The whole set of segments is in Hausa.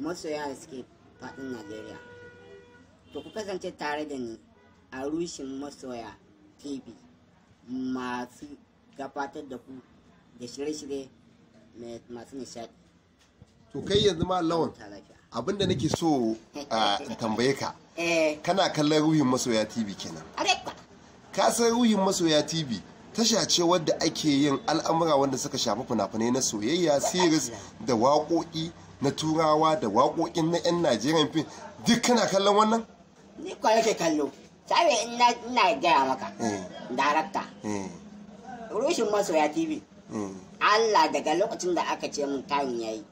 masoya da suke faɗin najeriya to ku kasance tare da ni a rushin masoya tv masu gabatar da ku da shirye-shirye masu nishaɗi to kai yanzu ma lawan abinda nake so a tambaye ka eh. kana kallon ruhin masoya tv kenan ka san ruhin masoya tv tasha ce wadda ake yin al'amura wanda suka shafi fina-finai na soyayya series da waƙoƙi na turawa da waƙoƙin na 'yan najeriya fi duk kana kallon wannan ni kwa yake kallo sabe ina gaya maka eh. darakta eh. rushin masoya tv eh. Allah daga lokacin da aka ce mun kayan yayi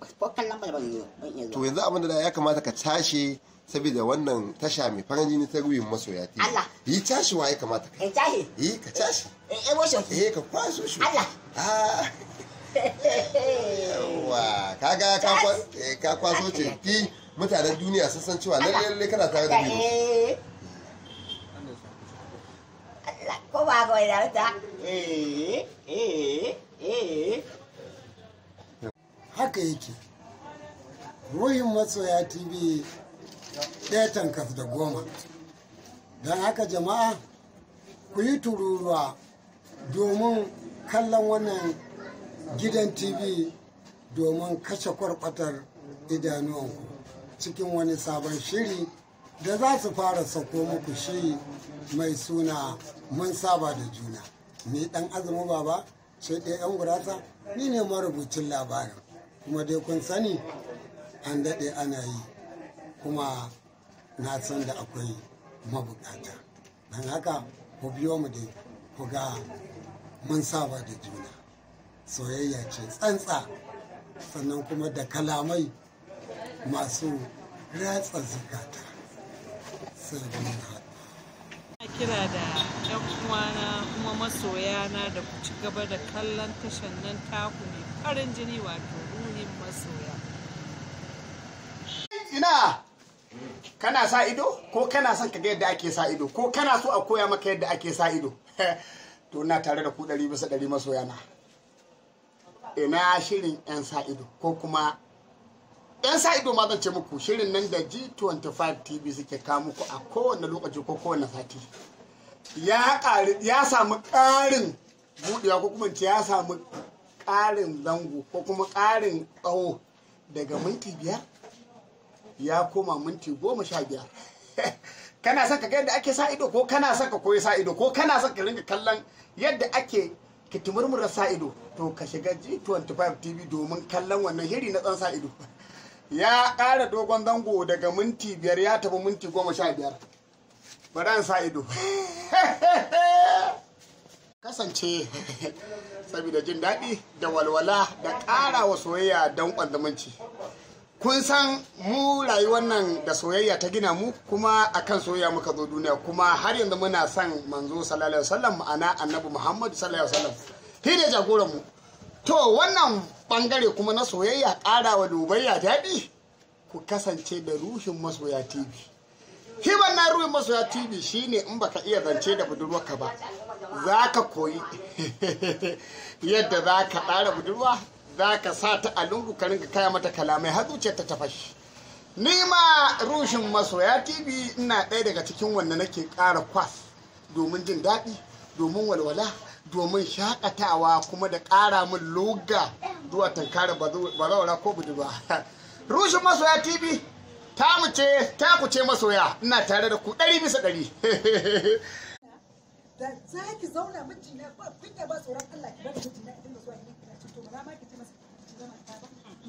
ko ban iya zuwa to yanzu abin da ya kamata ka tashi saboda wannan tasha mai farin jini ta ruyin masoya ta Allah yi tashi wa ya kamata ka tashi yi ka tashi e eh wasu eh, ka kwaso shi Allah ah yawa kaga eh, ka kwaso ce fi mutanen duniya sun san cewa lalle lalle kana tare da biyu eh. ko ba ga wai da ta eh eh eh haka yake ruhin masoya tv ɗaya tankas da goma don haka jama'a ku yi tururuwa domin kallon wannan gidan tv domin kashe kwarkwatar idanuwanku cikin wani sabon shiri da za su fara sako muku shi mai suna mun saba da juna ni dan azumi baba sai ɗaya yan gurasa ni ne marubucin labarin kuma dai kun sani an daɗe ana yi kuma na san da akwai mabukata don haka ku biyo mu dai ku ga mun saba da juna soyayya ce tsantsa sannan kuma da kalamai masu ratsa zukata sai kira da 'yan uwana kuma masoyana da ku ci gaba da kallon tashan nan taku mai farin jini wato kana sa ido ko kana son ka yadda ake sa ido ko kana so a koya maka yadda ake sa ido to na tare da ku ɗari bisa ɗari masoyana ina shirin 'yan sa ido ko kuma 'yan sa ido ma ce muku shirin nan da g25 tv suke kawo muku a kowane lokaci ko kowane sati ya samu ƙarin buɗewa ko kuma ce ya samu ƙarin zango ko kuma ƙarin tsawo daga minti biyar ya koma minti goma sha biyar kana son ka ga yadda ake sa ido ko kana son ka koyi sa ido ko kana son ka ringa kallon yadda ake kitimurmura sa ido to ka shiga G25 TV domin kallon wannan hiri na tsan sa ido ya kara dogon zango daga minti biyar ya tafi minti goma sha biyar baran sa ido kasance saboda jin daɗi da walwala da ƙara wa soyayya don ƙwandamanci kun san mu rayuwar nan da soyayya ta gina mu kuma akan soyayya muka zo duniya kuma har yanzu muna son manzo sallallahu alaihi wasallam ma'ana annabi muhammad sallallahu alaihi wasallam shi ne jagoran mu to wannan bangare kuma na soyayya ƙara wa dubayya daɗi ku kasance da ruhin masoya tv shi na ruhin masoya tv shine in baka iya zance da budurwarka ba za ka koyi yadda za ka ɗara budurwa za ka sa ta a lungu ka ringa kaya mata kalamai har zuciyar ta shi ni ma rushin masoya tv ina ɗaya daga cikin wanda nake ƙara kwas domin jin daɗi domin walwala domin shakatawa kuma da ƙara min loga zuwa tankara bazawara ko ba rushin masoya tv ta mu ce ta ku ce masoya ina tare da ku ɗari bisa ɗari da za ki zauna mijina ba kunya ba tsoron Allah ki bar mijina idan da zuwa ne ki to ba ma ki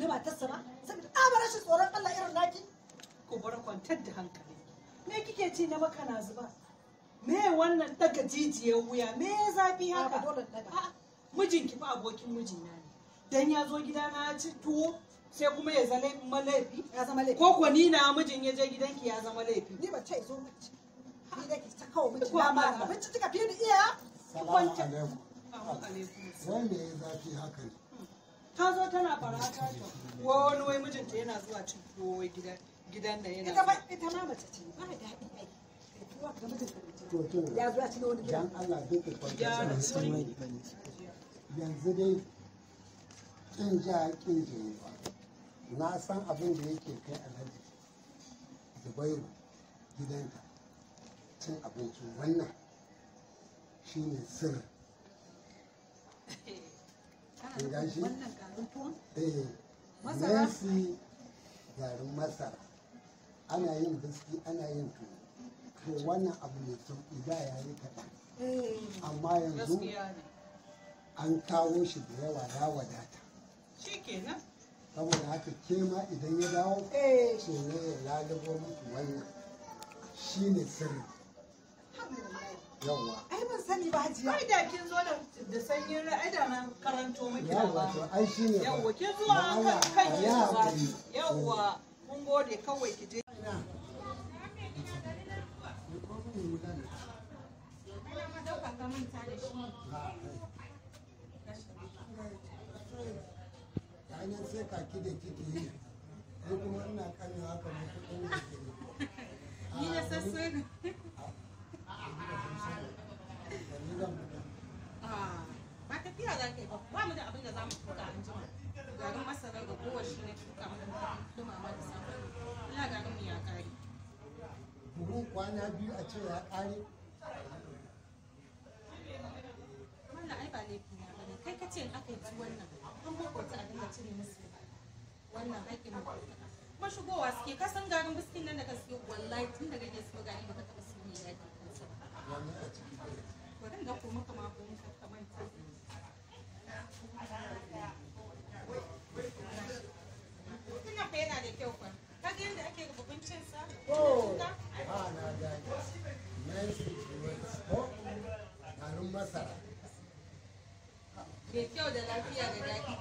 na matarsa ba saboda bar rashin tsoron Allah irin naki ko bar kwantar da hankali me kike ci na maka na zuba me wannan daga jijiyar wuya me zafi haka mijinki fa abokin mijina ne dan ya zo gidana ya ci tuwo sai kuma ya zama laifi ya zama laifi ko ko ni na mijin ya je gidanki ya zama laifi ni ba ce zo miji ni da ke ta kawo miji na ma abinci kika fi ni iya salamu alaikum wanda ya zafi haka ne ta zo tana barata ta ko wani wai mijinta yana zuwa cin tuwo wai gidan gidan da yana ita ba ita ma mace ce ba da haɗi ai ya zuwa cin wani gidan Allah duk ku kwanta yanzu dai kin ja kin je na san abin da yake kai alhaji Zubairu gidanka cin abinci wannan shine sir kin gashi eh garin masara ana yin biski ana yin tuwo to wannan abu mai sauƙi da ya yi kaɗan eh, amma yanzu an kawo shi da yawa ya wadata saboda haka ke ma idan ya dawo eh. to ne ya lalubo mutu wannan shi ne sirri Yawwa. Ai ban sani ba hajiya. Kai da kin zo da sanyin da karanto ai shine. Yawwa an kan Yawwa gode kawai ki je. hanyar sai kaki da kike yi ko kuma ina ni na za ka yi ba ba mu da abin da za mu tuka an jima garin masarar da kowa shi ne tuka da ina garin mu ya kare kwana biyu a ce ya kare wannan ai ba na bane kai ka in aka yi ci wannan an a dinga cire musu wannan haƙƙin kuma shigowa suke garin biskin nan da ka siyo wallahi tun daga ba ka taɓa kansa ba. a ga Oh, ah, na gani. Nancy Grace, ko? masara. kyau da lafiya da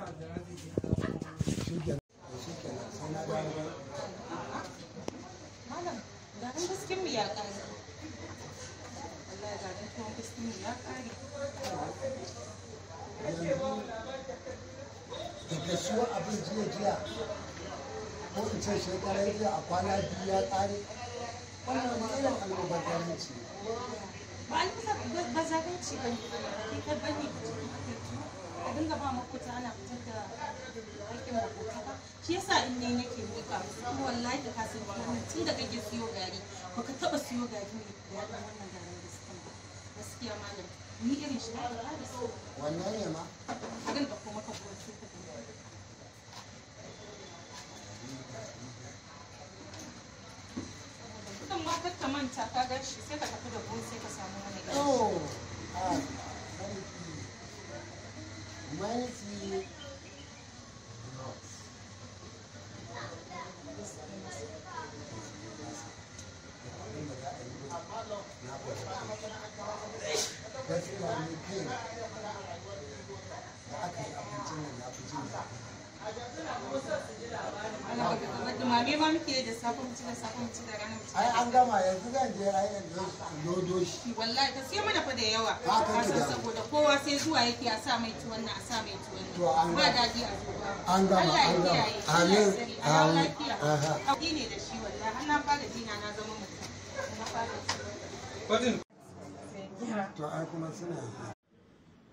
wancan shekarar jiya a kwana biyu ya ƙare wannan wani irin almubazzaranci ba almubazzaranci ba ne kai ba ne a dinga ba makota ana fitar da haƙƙin makota ba shi yasa in ne nake miƙa Su wallahi da ka san wannan tun da kake siyo gari ka taɓa siyo gari ne da yaɗa wannan garin gaskiya ba gaskiya malam ni irin shi na da wannan ne ma abin da kuma ka kuma cuta kakka manta ka gan shi sai ka tafi da buhun sai ka samu wani gashi. Wani oh! ah, ma muke da da da an gama yanzu zan je mana fa da yawa kowa sai zuwa yake a sa mai tuwon a sa mai tuwon ba daji a zuwa an gama amin ne da shi jina na zama mutum to kuma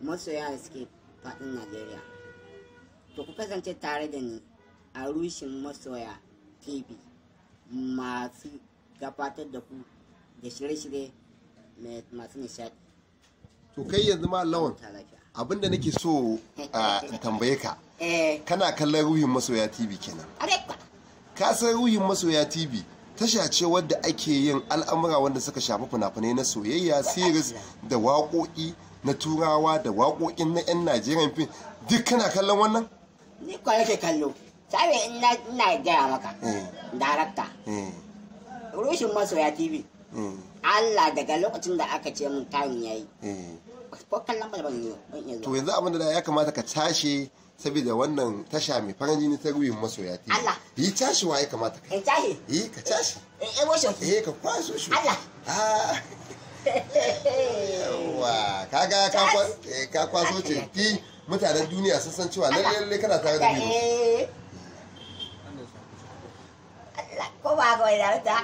masoya suke faɗin Najeriya to ku kasance tare da ni a rushin masoya masu gabatar da ku da shirye-shirye masu nishadi to kai yanzu ma lawan abinda nake so a tambaye ka eh. kana kallon ruhin masoya tv kenan ka san ruhin masoya tv tasha ce wadda ake yin al'amura wanda suka shafi fina-finai na soyayya series da waƙoƙi na turawa da waƙoƙin na 'yan najeriya fim duk kana kallon wannan? ni kwa yake kallo sabe ina ina gaya maka eh. darakta eh. rushin masoya tv eh. Allah daga lokacin da aka ce mun tayin yayi ko kallon ban yi to yanzu abin da ya kamata ka tashi saboda wannan tasha mai farin jini ta ruyin masoya ta Allah yi tashi wa ya kamata ka tashi yi ka tashi eh emotion eh ka kwaso shi Allah ah. yawa kaga ka kwaso ce fi mutanen duniya sun san cewa lalle kana tare da ni có ba người nào đó